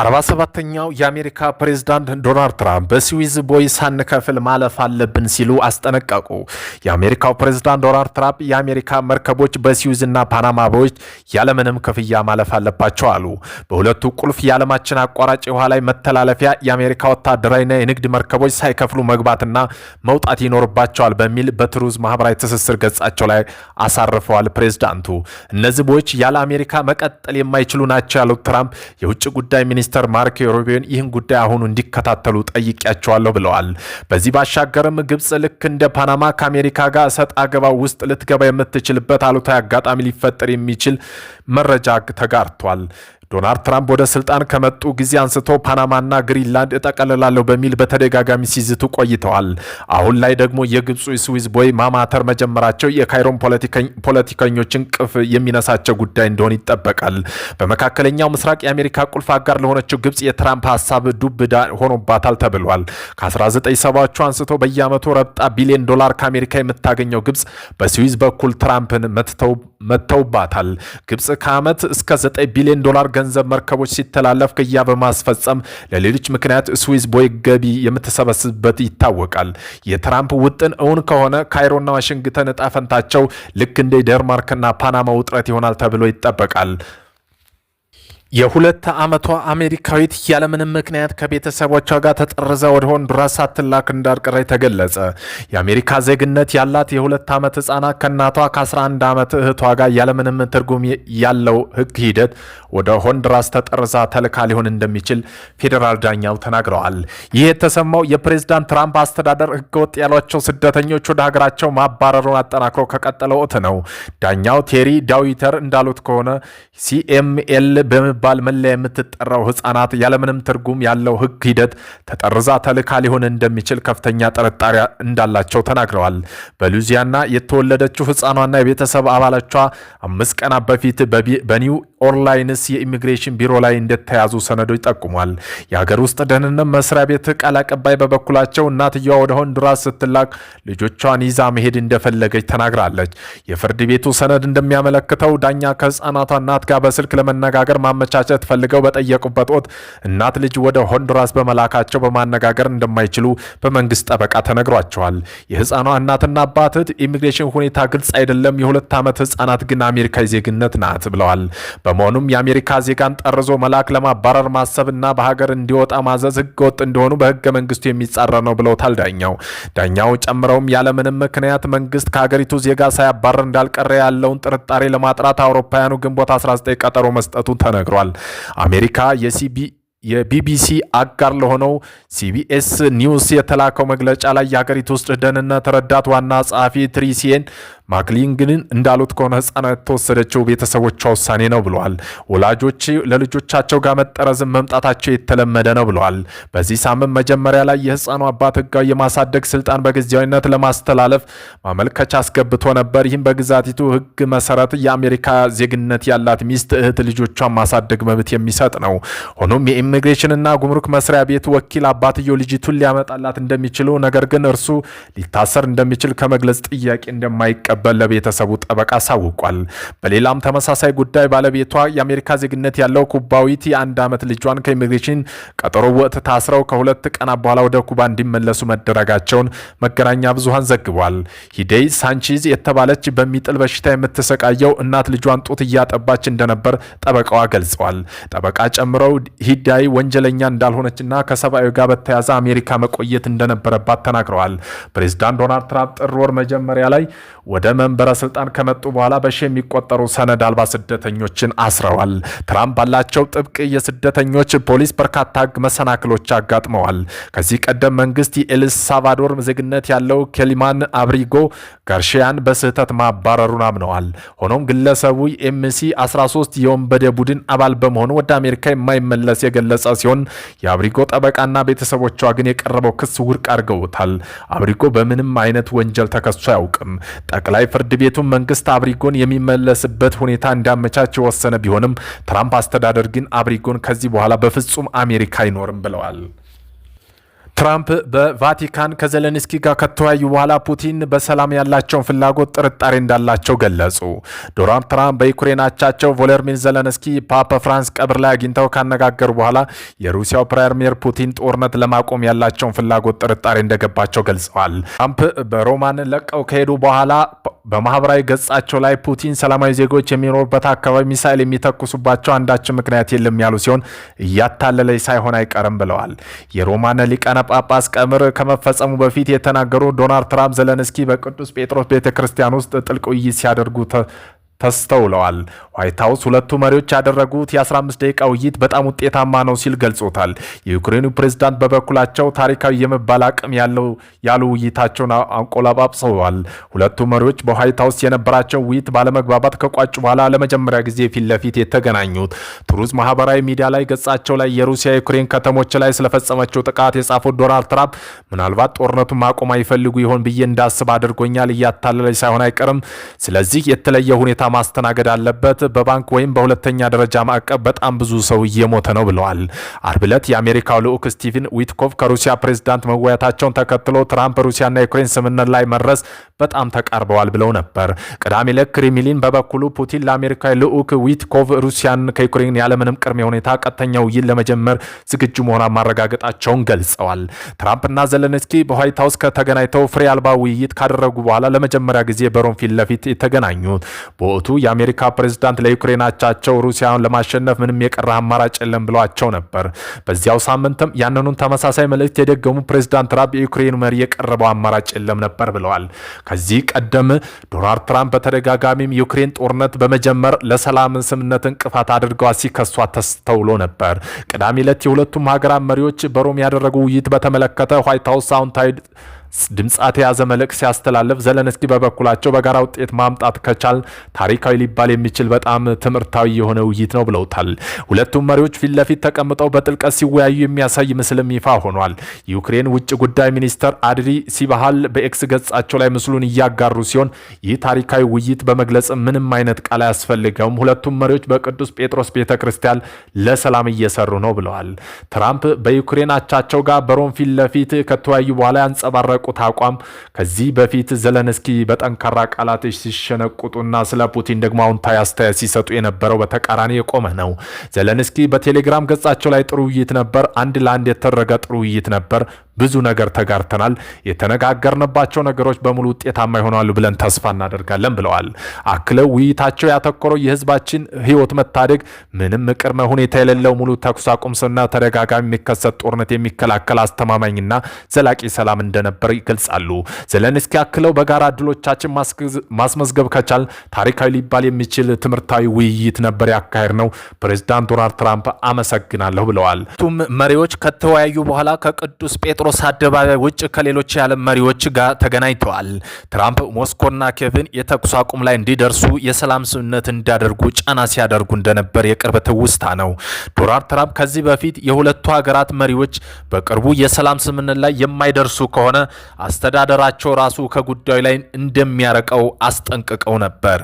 አርባ ሰባተኛው የአሜሪካ ፕሬዝዳንት ዶናልድ ትራምፕ በስዊዝ ቦይ ሳንከፍል ማለፍ አለብን ሲሉ አስጠነቀቁ። የአሜሪካው ፕሬዝዳንት ዶናልድ ትራምፕ የአሜሪካ መርከቦች እና ፓናማ ቦዮች ያለምንም ክፍያ ማለፍ አለባቸው አሉ። በሁለቱ ቁልፍ የዓለማችን አቋራጭ ውሃ ላይ መተላለፊያ የአሜሪካ ወታደራዊና የንግድ መርከቦች ሳይከፍሉ መግባትና መውጣት ይኖርባቸዋል በሚል በትሩዝ ማህበራዊ ትስስር ገጻቸው ላይ አሳርፈዋል። ፕሬዝዳንቱ እነዚህ ቦዮች ያለ አሜሪካ መቀጠል የማይችሉ ናቸው ያሉት ትራምፕ የውጭ ጉዳይ ሚኒስ ሚኒስተር ማርኮ ሩቢዮን ይህን ጉዳይ አሁኑ እንዲከታተሉ ጠይቂያቸዋለሁ ብለዋል። በዚህ ባሻገርም ግብጽ ልክ እንደ ፓናማ ከአሜሪካ ጋር እሰጥ አገባ ውስጥ ልትገባ የምትችልበት አሉታዊ አጋጣሚ ሊፈጠር የሚችል መረጃ ተጋርቷል። ዶናልድ ትራምፕ ወደ ስልጣን ከመጡ ጊዜ አንስቶ ፓናማና ግሪንላንድ እጠቀልላለሁ በሚል በተደጋጋሚ ሲዝቱ ቆይተዋል። አሁን ላይ ደግሞ የግብፁ ስዊዝ ቦይ ማማተር መጀመራቸው የካይሮን ፖለቲከኞችን ቅፍ የሚነሳቸው ጉዳይ እንደሆን ይጠበቃል። በመካከለኛው ምስራቅ የአሜሪካ ቁልፍ አጋር ለሆነችው ግብፅ የትራምፕ ሀሳብ ዱብ እዳ ሆኖባታል ተብሏል። ከ1970ዎቹ አንስቶ በየዓመቱ ረብጣ ቢሊዮን ዶላር ከአሜሪካ የምታገኘው ግብፅ በስዊዝ በኩል ትራምፕን መትተው መጥተውባታል። ግብፅ ከዓመት እስከ 9 ቢሊዮን ዶላር ገንዘብ መርከቦች ሲተላለፍ ክያ በማስፈጸም ለሌሎች ምክንያት ስዊዝ ቦይ ገቢ የምትሰበስብበት ይታወቃል። የትራምፕ ውጥን እውን ከሆነ ካይሮና ዋሽንግተን እጣ ፈንታቸው ልክ እንደ ደንማርክና ፓናማ ውጥረት ይሆናል ተብሎ ይጠበቃል። የሁለት ዓመቷ አሜሪካዊት ያለምንም ምክንያት ከቤተሰቦቿ ጋር ተጠርዛ ወደ ሆንዱራስ ሳትላክ እንዳልቀረ ተገለጸ። የአሜሪካ ዜግነት ያላት የሁለት ዓመት ሕፃናት ከእናቷ ከ11 ዓመት እህቷ ጋር ያለምንም ትርጉም ያለው ህግ ሂደት ወደ ሆንዱራስ ተጠርዛ ተልካ ሊሆን እንደሚችል ፌዴራል ዳኛው ተናግረዋል። ይህ የተሰማው የፕሬዝዳንት ትራምፕ አስተዳደር ህገወጥ ያሏቸው ስደተኞች ወደ ሀገራቸው ማባረሩን አጠናክሮ ከቀጠለ ወቅት ነው። ዳኛው ቴሪ ዳዊተር እንዳሉት ከሆነ ሲኤምኤል በመባል መለያ የምትጠራው ህጻናት ያለምንም ትርጉም ያለው ህግ ሂደት ተጠርዛ ተልካ ሊሆን እንደሚችል ከፍተኛ ጥርጣሬ እንዳላቸው ተናግረዋል። በሉዚያና የተወለደችው ህፃኗና የቤተሰብ አባላቿ አምስት ቀናት በፊት በኒው ኦርላይንስ የኢሚግሬሽን ቢሮ ላይ እንደተያዙ ሰነዶች ጠቁሟል። የሀገር ውስጥ ደህንነት መስሪያ ቤት ቃል አቀባይ በበኩላቸው እናትየዋ ወደ ሆንዱራስ ስትላክ ልጆቿን ይዛ መሄድ እንደፈለገች ተናግራለች። የፍርድ ቤቱ ሰነድ እንደሚያመለክተው ዳኛ ከህፃናቷ እናት ጋር በስልክ ለመነጋገር ማመቻ ለማመቻቸት ፈልገው በጠየቁበት ወቅት እናት ልጅ ወደ ሆንዱራስ በመላካቸው በማነጋገር እንደማይችሉ በመንግስት ጠበቃ ተነግሯቸዋል። የህፃኗ እናትና አባት ኢሚግሬሽን ሁኔታ ግልጽ አይደለም፣ የሁለት ዓመት ህፃናት ግን አሜሪካዊ ዜግነት ናት ብለዋል። በመሆኑም የአሜሪካ ዜጋን ጠርዞ መላክ ለማባረር ማሰብና በሀገር እንዲወጣ ማዘዝ ህገወጥ እንደሆኑ በህገ መንግስቱ የሚጻረር ነው ብለውታል ዳኛው። ዳኛው ጨምረውም ያለምንም ምክንያት መንግስት ከሀገሪቱ ዜጋ ሳያባረር እንዳልቀረ ያለውን ጥርጣሬ ለማጥራት አውሮፓውያኑ ግንቦት 19 ቀጠሮ መስጠቱ ተነግሯል። ተናግሯል። አሜሪካ የሲቢ የቢቢሲ አጋር ለሆነው ሲቢኤስ ኒውስ የተላከው መግለጫ ላይ የሀገሪቱ ውስጥ ደህንነት ረዳት ዋና ጸሐፊ ትሪሲየን ማክሊንግን እንዳሉት ከሆነ ህጻናት የተወሰደችው ቤተሰቦቿ ውሳኔ ነው ብለዋል። ወላጆች ለልጆቻቸው ጋር መጠረዝን መምጣታቸው የተለመደ ነው ብለዋል። በዚህ ሳምንት መጀመሪያ ላይ የህፃኑ አባት ህጋዊ የማሳደግ ስልጣን በጊዜያዊነት ለማስተላለፍ ማመልከቻ አስገብቶ ነበር። ይህም በግዛቲቱ ህግ መሰረት የአሜሪካ ዜግነት ያላት ሚስት እህት ልጆቿን ማሳደግ መብት የሚሰጥ ነው። ሆኖም እና ጉምሩክ መስሪያ ቤት ወኪል አባትየው ልጅቱን ሊያመጣላት እንደሚችሉ ነገር ግን እርሱ ሊታሰር እንደሚችል ከመግለጽ ጥያቄ እንደማይቀበል ለቤተሰቡ ጠበቃ አሳውቋል። በሌላም ተመሳሳይ ጉዳይ ባለቤቷ የአሜሪካ ዜግነት ያለው ኩባዊት የአንድ ዓመት ልጇን ከኢሚግሬሽን ቀጠሮ ወቅት ታስረው ከሁለት ቀናት በኋላ ወደ ኩባ እንዲመለሱ መደረጋቸውን መገናኛ ብዙሃን ዘግቧል። ሂደይ ሳንቺዝ የተባለች በሚጥል በሽታ የምትሰቃየው እናት ልጇን ጡት እያጠባች እንደነበር ጠበቃዋ ገልጸዋል። ጠበቃ ጨምረው ሂዳ ጉዳይ ወንጀለኛ እንዳልሆነችና ከሰብአዊ ጋር በተያዘ አሜሪካ መቆየት እንደነበረባት ተናግረዋል። ፕሬዚዳንት ዶናልድ ትራምፕ ጥር ወር መጀመሪያ ላይ ወደ መንበረ ስልጣን ከመጡ በኋላ በሺ የሚቆጠሩ ሰነድ አልባ ስደተኞችን አስረዋል። ትራምፕ ባላቸው ጥብቅ የስደተኞች ፖሊስ በርካታ ህግ መሰናክሎች አጋጥመዋል። ከዚህ ቀደም መንግስት የኤልሳልቫዶር ዜግነት ያለው ኬሊማን አብሪጎ ጋርሺያን በስህተት ማባረሩን አምነዋል። ሆኖም ግለሰቡ የኤምሲ 13 የወንበዴ ቡድን አባል በመሆኑ ወደ አሜሪካ የማይመለስ የገለ የገለጸ ሲሆን የአብሪጎ ጠበቃና ቤተሰቦቿ ግን የቀረበው ክስ ውድቅ አድርገውታል። አብሪጎ በምንም አይነት ወንጀል ተከሶ አያውቅም። ጠቅላይ ፍርድ ቤቱን መንግስት አብሪጎን የሚመለስበት ሁኔታ እንዲያመቻች የወሰነ ቢሆንም ትራምፕ አስተዳደር ግን አብሪጎን ከዚህ በኋላ በፍጹም አሜሪካ አይኖርም ብለዋል። ትራምፕ በቫቲካን ከዘለንስኪ ጋር ከተወያዩ በኋላ ፑቲን በሰላም ያላቸውን ፍላጎት ጥርጣሬ እንዳላቸው ገለጹ። ዶናልድ ትራምፕ በዩክሬን አቻቸው ቮሎድሚር ዘለንስኪ ፓፓ ፍራንስ ቀብር ላይ አግኝተው ካነጋገሩ በኋላ የሩሲያው ፕሬምየር ፑቲን ጦርነት ለማቆም ያላቸውን ፍላጎት ጥርጣሬ እንደገባቸው ገልጸዋል። ትራምፕ በሮማን ለቀው ከሄዱ በኋላ በማህበራዊ ገጻቸው ላይ ፑቲን ሰላማዊ ዜጎች የሚኖሩበት አካባቢ ሚሳኤል የሚተኩሱባቸው አንዳችን ምክንያት የለም ያሉ ሲሆን እያታለለ ሳይሆን አይቀርም ብለዋል። የሮማን ሊቀነ ጳጳስ ቀምር ከመፈጸሙ በፊት የተናገሩ ዶናልድ ትራምፕ ዘለንስኪ በቅዱስ ጴጥሮስ ቤተ ክርስቲያን ውስጥ ጥልቅ ውይይት ሲያደርጉ ተስተውለዋል። ዋይት ሀውስ ሁለቱ መሪዎች ያደረጉት የ15 ደቂቃ ውይይት በጣም ውጤታማ ነው ሲል ገልጾታል። የዩክሬኑ ፕሬዝዳንት በበኩላቸው ታሪካዊ የመባል አቅም ያለው ያሉ ውይይታቸውን አንቆላባብሰዋል። ሁለቱ መሪዎች በዋይት ሀውስ የነበራቸው ውይይት ባለመግባባት ከቋጭ በኋላ ለመጀመሪያ ጊዜ ፊት ለፊት የተገናኙት ትሩዝ ማህበራዊ ሚዲያ ላይ ገጻቸው ላይ የሩሲያ ዩክሬን ከተሞች ላይ ስለፈጸመችው ጥቃት የጻፉት ዶናልድ ትራምፕ ምናልባት ጦርነቱን ማቆም አይፈልጉ ይሆን ብዬ እንዳስብ አድርጎኛል። እያታለለች ሳይሆን አይቀርም። ስለዚህ የተለየ ሁኔታ ማስተናገድ አለበት። በባንክ ወይም በሁለተኛ ደረጃ ማዕቀብ በጣም ብዙ ሰው እየሞተ ነው ብለዋል። አርብ ዕለት የአሜሪካው ልዑክ ስቲቭን ዊትኮቭ ከሩሲያ ፕሬዝዳንት መወያታቸውን ተከትሎ ትራምፕ ሩሲያና ዩክሬን ስምምነት ላይ መድረስ በጣም ተቃርበዋል ብለው ነበር። ቅዳሜ ዕለት ክሪምሊን በበኩሉ ፑቲን ለአሜሪካ ልዑክ ዊትኮቭ ሩሲያን ከዩክሬን ያለምንም ቅድመ ሁኔታ ቀጥተኛ ውይይት ለመጀመር ዝግጁ መሆኗን ማረጋገጣቸውን ገልጸዋል። ትራምፕና ዘለንስኪ በዋይት ሀውስ ከተገናኝተው ፍሬ አልባ ውይይት ካደረጉ በኋላ ለመጀመሪያ ጊዜ በሮም ፊት ለፊት የተገናኙት ሞቱ። የአሜሪካ ፕሬዝዳንት ለዩክሬናቻቸው ሩሲያን ለማሸነፍ ምንም የቀረ አማራጭ የለም ብለዋቸው ነበር። በዚያው ሳምንትም ያንኑን ተመሳሳይ መልእክት የደገሙ ፕሬዝዳንት ትራምፕ የዩክሬን መሪ የቀረበው አማራጭ የለም ነበር ብለዋል። ከዚህ ቀደም ዶናልድ ትራምፕ በተደጋጋሚም የዩክሬን ጦርነት በመጀመር ለሰላም ስምነት እንቅፋት አድርገዋ ሲከሷ ተስተውሎ ነበር። ቅዳሜ ዕለት የሁለቱም ሀገራት መሪዎች በሮም ያደረጉ ውይይት በተመለከተ ዋይት ሀውስ አዎንታዊ ድምጻት የያዘ መልእክት ሲያስተላልፍ ዘለንስኪ በበኩላቸው በጋራ ውጤት ማምጣት ከቻል ታሪካዊ ሊባል የሚችል በጣም ትምህርታዊ የሆነ ውይይት ነው ብለውታል። ሁለቱም መሪዎች ፊት ለፊት ተቀምጠው በጥልቀት ሲወያዩ የሚያሳይ ምስልም ይፋ ሆኗል። የዩክሬን ውጭ ጉዳይ ሚኒስተር አድሪ ሲባሃል በኤክስ ገጻቸው ላይ ምስሉን እያጋሩ ሲሆን ይህ ታሪካዊ ውይይት በመግለጽ ምንም አይነት ቃል አያስፈልገውም፣ ሁለቱም መሪዎች በቅዱስ ጴጥሮስ ቤተ ክርስቲያን ለሰላም እየሰሩ ነው ብለዋል። ትራምፕ በዩክሬን አቻቸው ጋር በሮም ፊት ለፊት ከተወያዩ በኋላ ያንጸባረቁ የሸነቆጠ አቋም ከዚህ በፊት ዘለንስኪ በጠንካራ ቃላት ሲሸነቁጡና ስለ ፑቲን ደግሞ አዎንታዊ አስተያየት ሲሰጡ የነበረው በተቃራኒ የቆመ ነው። ዘለንስኪ በቴሌግራም ገጻቸው ላይ ጥሩ ውይይት ነበር፣ አንድ ለአንድ የተደረገ ጥሩ ውይይት ነበር ብዙ ነገር ተጋርተናል። የተነጋገርንባቸው ነገሮች በሙሉ ውጤታማ ይሆናሉ ብለን ተስፋ እናደርጋለን ብለዋል። አክለው ውይይታቸው ያተኮረው የህዝባችን ህይወት መታደግ ምንም ቅድመ ሁኔታ የሌለው ሙሉ ተኩስ አቁምና ተደጋጋሚ የሚከሰት ጦርነት የሚከላከል አስተማማኝና ዘላቂ ሰላም እንደነበር ይገልጻሉ። ዘለንስኪ አክለው በጋራ ድሎቻችን ማስመዝገብ ከቻል ታሪካዊ ሊባል የሚችል ትምህርታዊ ውይይት ነበር ያካሄድ ነው። ፕሬዚዳንት ዶናልድ ትራምፕ አመሰግናለሁ ብለዋል። ቱም መሪዎች ከተወያዩ በኋላ ከቅዱስ ጴጥሮስ ከጴጥሮስ አደባባይ ውጭ ከሌሎች የዓለም መሪዎች ጋር ተገናኝተዋል። ትራምፕ ሞስኮና ኬቭን የተኩስ አቁም ላይ እንዲደርሱ የሰላም ስምምነት እንዲያደርጉ ጫና ሲያደርጉ እንደነበር የቅርብ ትውስታ ነው። ዶናልድ ትራምፕ ከዚህ በፊት የሁለቱ ሀገራት መሪዎች በቅርቡ የሰላም ስምምነት ላይ የማይደርሱ ከሆነ አስተዳደራቸው ራሱ ከጉዳዩ ላይ እንደሚያረቀው አስጠንቅቀው ነበር።